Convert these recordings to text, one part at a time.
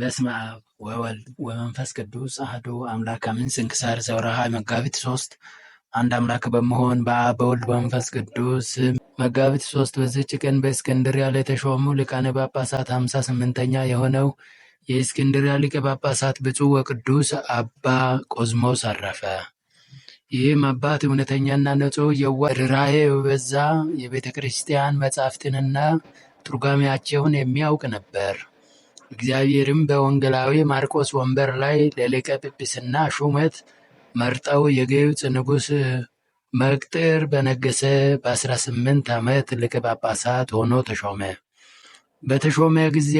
በስመ አብ ወወልድ ወመንፈስ ቅዱስ አህዶ አምላክ አሜን። ስንክሳር ዘወርኃ መጋቢት ሶስት አንድ አምላክ በመሆን በአብ በወልድ በመንፈስ ቅዱስ መጋቢት ሶስት በዚች ቀን በእስክንድርያ ለተሾሙ ሊቃነ ጳጳሳት ሃምሳ ስምንተኛ የሆነው የእስክንድርያ ሊቀ ጳጳሳት ብፁዕ ወቅዱስ አባ ቆዝሞስ አረፈ። ይህም አባት እውነተኛና ንጹሕ የዋህ ርኅራኄ የበዛ የቤተ ክርስቲያን መጻሕፍትንና ትርጓሜያቸውን የሚያውቅ ነበር። እግዚአብሔርም በወንጌላዊ ማርቆስ ወንበር ላይ ለሊቀ ጵጵስና ሹመት መርጠው የግብፅ ንጉሥ መቅጥር በነገሰ በ18 ዓመት ሊቀ ጳጳሳት ሆኖ ተሾመ። በተሾመ ጊዜ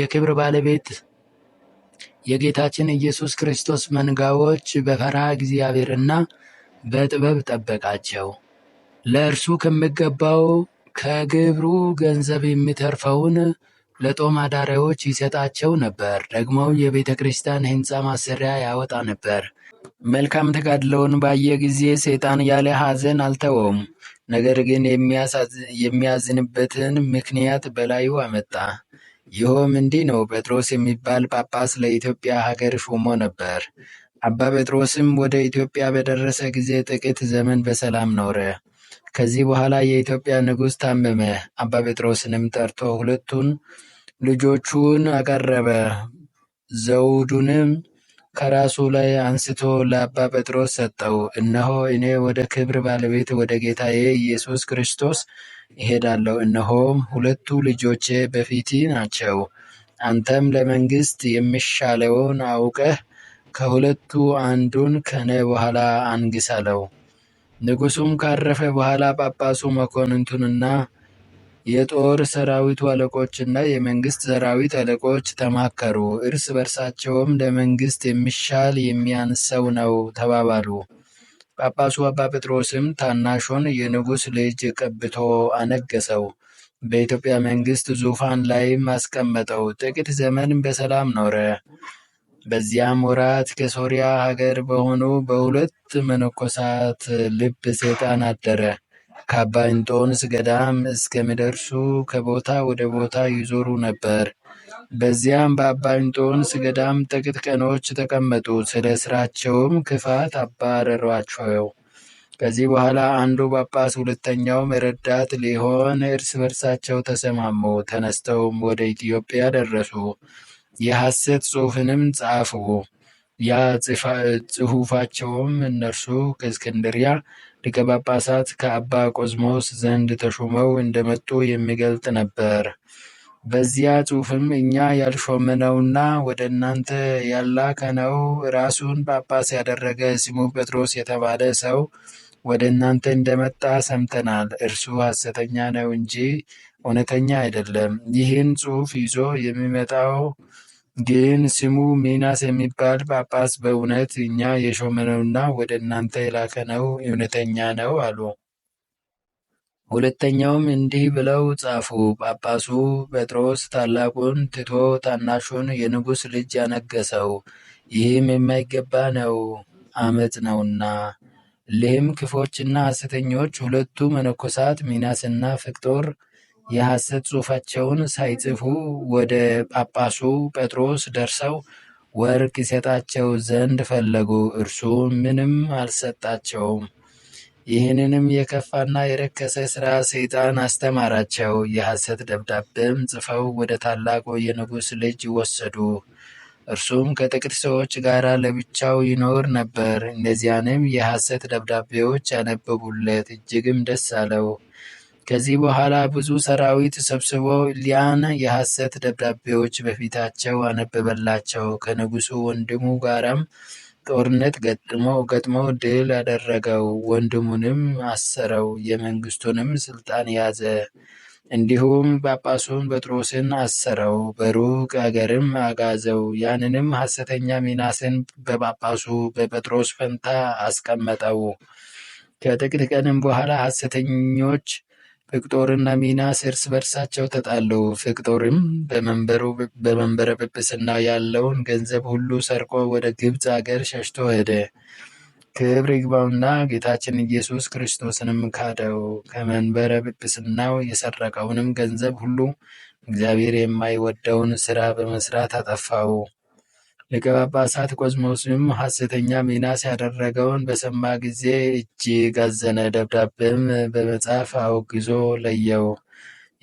የክብር ባለቤት የጌታችን ኢየሱስ ክርስቶስ መንጋዎች በፈርሃ እግዚአብሔርና በጥበብ ጠበቃቸው። ለእርሱ ከሚገባው ከግብሩ ገንዘብ የሚተርፈውን ለጦም አዳሪዎች ይሰጣቸው ነበር። ደግሞ የቤተ ክርስቲያን ሕንፃ ማሰሪያ ያወጣ ነበር። መልካም ተጋድለውን ባየ ጊዜ ሰይጣን ያለ ሐዘን አልተወውም። ነገር ግን የሚያዝንበትን ምክንያት በላዩ አመጣ። ይኸውም እንዲህ ነው። ጴጥሮስ የሚባል ጳጳስ ለኢትዮጵያ ሀገር ሾሞ ነበር። አባ ጴጥሮስም ወደ ኢትዮጵያ በደረሰ ጊዜ ጥቂት ዘመን በሰላም ኖረ። ከዚህ በኋላ የኢትዮጵያ ንጉሥ ታመመ። አባ ጴጥሮስንም ጠርቶ ሁለቱን ልጆቹን አቀረበ። ዘውዱንም ከራሱ ላይ አንስቶ ለአባ ጴጥሮስ ሰጠው። እነሆ እኔ ወደ ክብር ባለቤት ወደ ጌታዬ ኢየሱስ ክርስቶስ እሄዳለሁ። እነሆም ሁለቱ ልጆቼ በፊቲ ናቸው። አንተም ለመንግሥት የሚሻለውን አውቀህ ከሁለቱ አንዱን ከኔ በኋላ አንግሳለው። ንጉሱም ንጉሡም ካረፈ በኋላ ጳጳሱ መኮንንቱንና የጦር ሰራዊቱ አለቆችና የመንግስት ሰራዊት አለቆች ተማከሩ። እርስ በርሳቸውም ለመንግስት የሚሻል የሚያንሰው ነው ተባባሉ። ጳጳሱ አባ ጴጥሮስም ታናሹን የንጉሥ ልጅ ቀብቶ አነገሰው። በኢትዮጵያ መንግስት ዙፋን ላይም አስቀመጠው። ጥቂት ዘመን በሰላም ኖረ። በዚያም ወራት ከሶሪያ ሀገር በሆኑ በሁለት መነኮሳት ልብ ሰይጣን አደረ። ከአባ እንጦንስ ገዳም እስከሚደርሱ ከቦታ ወደ ቦታ ይዞሩ ነበር። በዚያም በአባ እንጦንስ ገዳም ጥቂት ቀኖች ተቀመጡ። ስለ ስራቸውም ክፋት አባረሯቸው። ከዚህ በኋላ አንዱ ጳጳስ ሁለተኛውም ረዳት ሊሆን እርስ በርሳቸው ተሰማሙ። ተነስተውም ወደ ኢትዮጵያ ደረሱ። የሐሰት ጽሑፍንም ጻፉ። ያ ጽሑፋቸውም እነርሱ ከእስክንድሪያ ሊቀ ጳጳሳት ከአባ ቆዝሞስ ዘንድ ተሹመው እንደመጡ የሚገልጥ ነበር። በዚያ ጽሑፍም እኛ ያልሾመነውና ወደ እናንተ ያላከነው ራሱን ጳጳስ ያደረገ ስሙ ጴጥሮስ የተባለ ሰው ወደ እናንተ እንደመጣ ሰምተናል። እርሱ ሐሰተኛ ነው እንጂ እውነተኛ አይደለም። ይህን ጽሑፍ ይዞ የሚመጣው ግን ስሙ ሚናስ የሚባል ጳጳስ በእውነት እኛ የሾመነውና ወደ እናንተ የላከነው እውነተኛ ነው አሉ። ሁለተኛውም እንዲህ ብለው ጻፉ። ጳጳሱ ጴጥሮስ ታላቁን ትቶ ታናሹን የንጉሥ ልጅ ያነገሰው፣ ይህም የማይገባ ነው፣ አመፅ ነውና። ልህም ክፎችና ሐሰተኞች ሁለቱ መነኮሳት ሚናስና ፍቅጦር ። የሐሰት ጽሑፋቸውን ሳይጽፉ ወደ ጳጳሱ ጴጥሮስ ደርሰው ወርቅ ይሰጣቸው ዘንድ ፈለጉ፤ እርሱ ምንም አልሰጣቸውም። ይህንንም የከፋና የረከሰ ሥራ ሰይጣን አስተማራቸው። የሐሰት ደብዳቤም ጽፈው ወደ ታላቁ የንጉሥ ልጅ ወሰዱ። እርሱም ከጥቂት ሰዎች ጋር ለብቻው ይኖር ነበር። እነዚያንም የሐሰት ደብዳቤዎች ያነበቡለት እጅግም ደስ አለው። ከዚህ በኋላ ብዙ ሰራዊት ሰብስቦ ሊያን የሐሰት ደብዳቤዎች በፊታቸው አነበበላቸው። ከንጉሡ ወንድሙ ጋርም ጦርነት ገጥሞ ድል አደረገው። ወንድሙንም አሰረው፣ የመንግሥቱንም ሥልጣን ያዘ። እንዲሁም ጳጳሱን ጴጥሮስን አሰረው፣ በሩቅ አገርም አጋዘው። ያንንም ሐሰተኛ ሚናስን በጳጳሱ በጴጥሮስ ፈንታ አስቀመጠው። ከጥቂት ቀንም በኋላ ሐሰተኞች ፍቅጦርና ሚናስ እርስ በርሳቸው ተጣሉ። ፊቅጦርም በመንበረ ጵጵስና ያለውን ገንዘብ ሁሉ ሰርቆ ወደ ግብፅ አገር ሸሽቶ ሄደ። ክብር ይግባውና ጌታችን ኢየሱስ ክርስቶስንም ካደው። ከመንበረ ጵጵስናው የሰረቀውንም ገንዘብ ሁሉ እግዚአብሔር የማይወደውን ስራ በመስራት አጠፋው። ሊቀ ጳጳሳት ቆስሞስም ሐሰተኛ ሚናስ ያደረገውን በሰማ ጊዜ እጅግ አዘነ። ደብዳቤም በመጻፍ አውግዞ ለየው።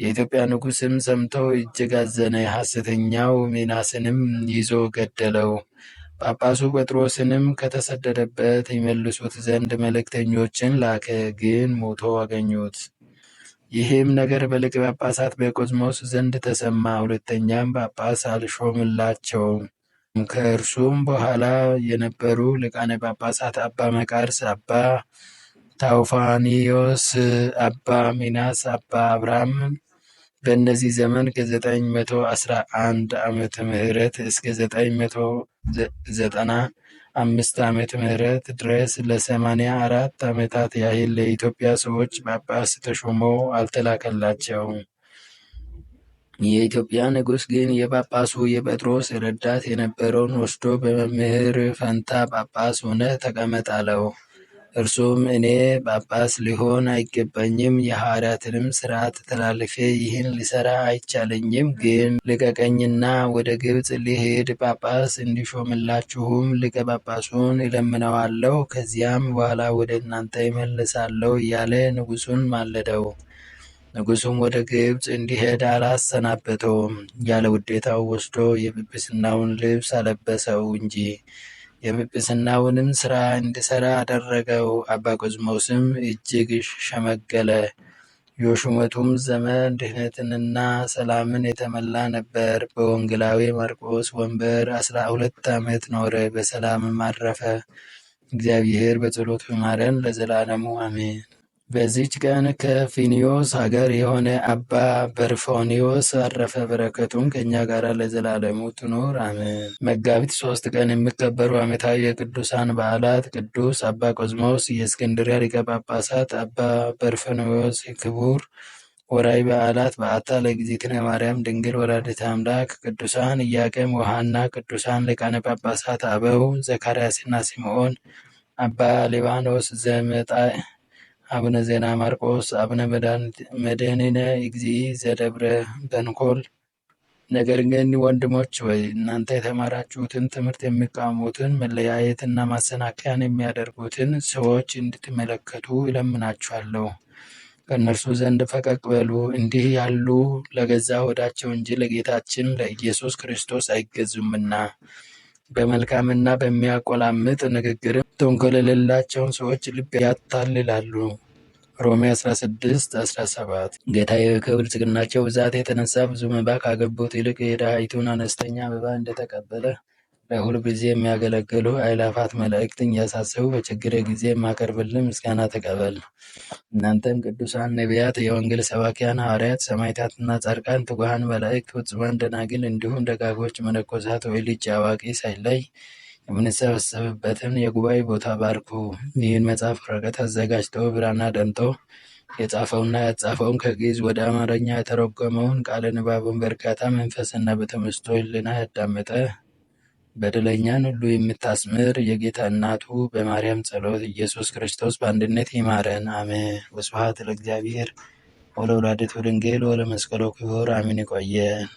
የኢትዮጵያ ንጉሥም ሰምቶ እጅግ አዘነ። ሐሰተኛው ሚናስንም ይዞ ገደለው። ጳጳሱ ጴጥሮስንም ከተሰደደበት ይመልሱት ዘንድ መልእክተኞችን ላከ፣ ግን ሞቶ አገኙት። ይህም ነገር በሊቀ ጳጳሳት በቆዝሞስ ዘንድ ተሰማ። ሁለተኛም ጳጳስ አልሾምላቸውም። ከእርሱም በኋላ የነበሩ ሊቃነ ጳጳሳት አባ መቃርስ፣ አባ ታውፋኒዮስ፣ አባ ሚናስ፣ አባ አብርሃም በእነዚህ ዘመን ከ911 ዓመተ ምህረት እስከ 995 ዓመተ ምህረት ድረስ ለ84 ዓመታት ያህል ለኢትዮጵያ ሰዎች ጳጳስ ተሾመው አልተላከላቸውም። የኢትዮጵያ ንጉሥ ግን የጳጳሱ የጴጥሮስ ረዳት የነበረውን ወስዶ በመምህር ፈንታ ጳጳስ ሆነህ ተቀመጥ አለው። እርሱም እኔ ጳጳስ ሊሆን አይገባኝም፣ የሐዋርያትንም ሥርዓት ተላልፌ ይህን ሊሰራ አይቻለኝም። ግን ልቀቀኝና ወደ ግብፅ ሊሄድ ጳጳስ እንዲሾምላችሁም ሊቀ ጳጳሱን እለምነዋለሁ፣ ከዚያም በኋላ ወደ እናንተ ይመልሳለሁ እያለ ንጉሡን ማለደው። ንጉሱም ወደ ግብፅ እንዲሄድ አላሰናበተውም፣ ያለ ውዴታው ወስዶ የጵጵስናውን ልብስ አለበሰው እንጂ። የጵጵስናውንም ሥራ እንዲሰራ አደረገው። አባ ቆዝሞስም እጅግ ሸመገለ። የሹመቱም ዘመን ድህነትንና ሰላምን የተመላ ነበር። በወንጌላዊ ማርቆስ ወንበር አስራ ሁለት ዓመት ኖረ፣ በሰላምም አረፈ። እግዚአብሔር በጸሎቱ ይማረን ለዘላለሙ አሜን። በዚች ቀን ከፊኒዮስ ሀገር የሆነ አባ በርፎኒዮስ አረፈ። በረከቱም ከእኛ ጋር ለዘላለሙ ትኑር አሜን። መጋቢት ሶስት ቀን የሚከበሩ ዓመታዊ የቅዱሳን በዓላት ቅዱስ አባ ቆዝሞስ የእስክንድሪያ ሊቀ ጳጳሳት፣ አባ በርፎኒዮስ ክቡር። ወራዊ በዓላት በዓታ ለእግዝእትነ ማርያም ድንግል ወላዲተ አምላክ፣ ቅዱሳን ኢያቄም ወሐና፣ ቅዱሳን ሊቃነ ጳጳሳት አበው ዘካርያስና ሲምዖን፣ አባ ሊባኖስ ዘመጣ አቡነ ዜና ማርቆስ፣ አቡነ መድኅኒነ እግዚእ ዘደብረ በንኮል። ነገር ግን ወንድሞች ወይ እናንተ የተማራችሁትን ትምህርት የሚቃሙትን መለያየትና ማሰናከያን የሚያደርጉትን ሰዎች እንድትመለከቱ እለምናችኋለሁ። ከእነርሱ ዘንድ ፈቀቅ በሉ። እንዲህ ያሉ ለገዛ ወዳቸው እንጂ ለጌታችን ለኢየሱስ ክርስቶስ አይገዙምና። በመልካምና በሚያቆላምጥ ንግግርም ተንኮል የሌላቸውን ሰዎች ልብ ያታልላሉ። ሮሜ 16 17 ጌታዬ ከብልጽግናቸው ብዛት የተነሳ ብዙ መባ ካገቡት ይልቅ የድሃይቱን አነስተኛ መባ እንደተቀበለ ጊዜ የሚያገለግሉ አእላፋት መላእክትን እያሳሰቡ በችግረ ጊዜ የማቀርብልህ ምስጋና ተቀበል። እናንተም ቅዱሳን ነቢያት፣ የወንጌል ሰባኪያን ሐዋርያት፣ ሰማዕታትና ጻድቃን፣ ትጉሃን መላእክት፣ ፍጹማን ደናግል እንዲሁም ደጋጎች መነኮሳት ወይ ልጅ አዋቂ ሳይለይ የምንሰበሰብበትን የጉባኤ ቦታ ባርኩ። ይህን መጽሐፍ ወረቀት አዘጋጅቶ ብራና ደምጦ የጻፈውና ያጻፈውን ከግዕዝ ወደ አማርኛ የተረጎመውን ቃለ ንባቡን በእርጋታ መንፈስና በተመስጦ ሕሊና ያዳመጠ በደለኛን ሁሉ የምታስምር የጌታ እናቱ በማርያም ጸሎት ኢየሱስ ክርስቶስ በአንድነት ይማረን። አሜን። ወስብሐት ለእግዚአብሔር ወለወላዲቱ ድንግል ወለመስቀሉ ክቡር። አሜን። ይቆየን።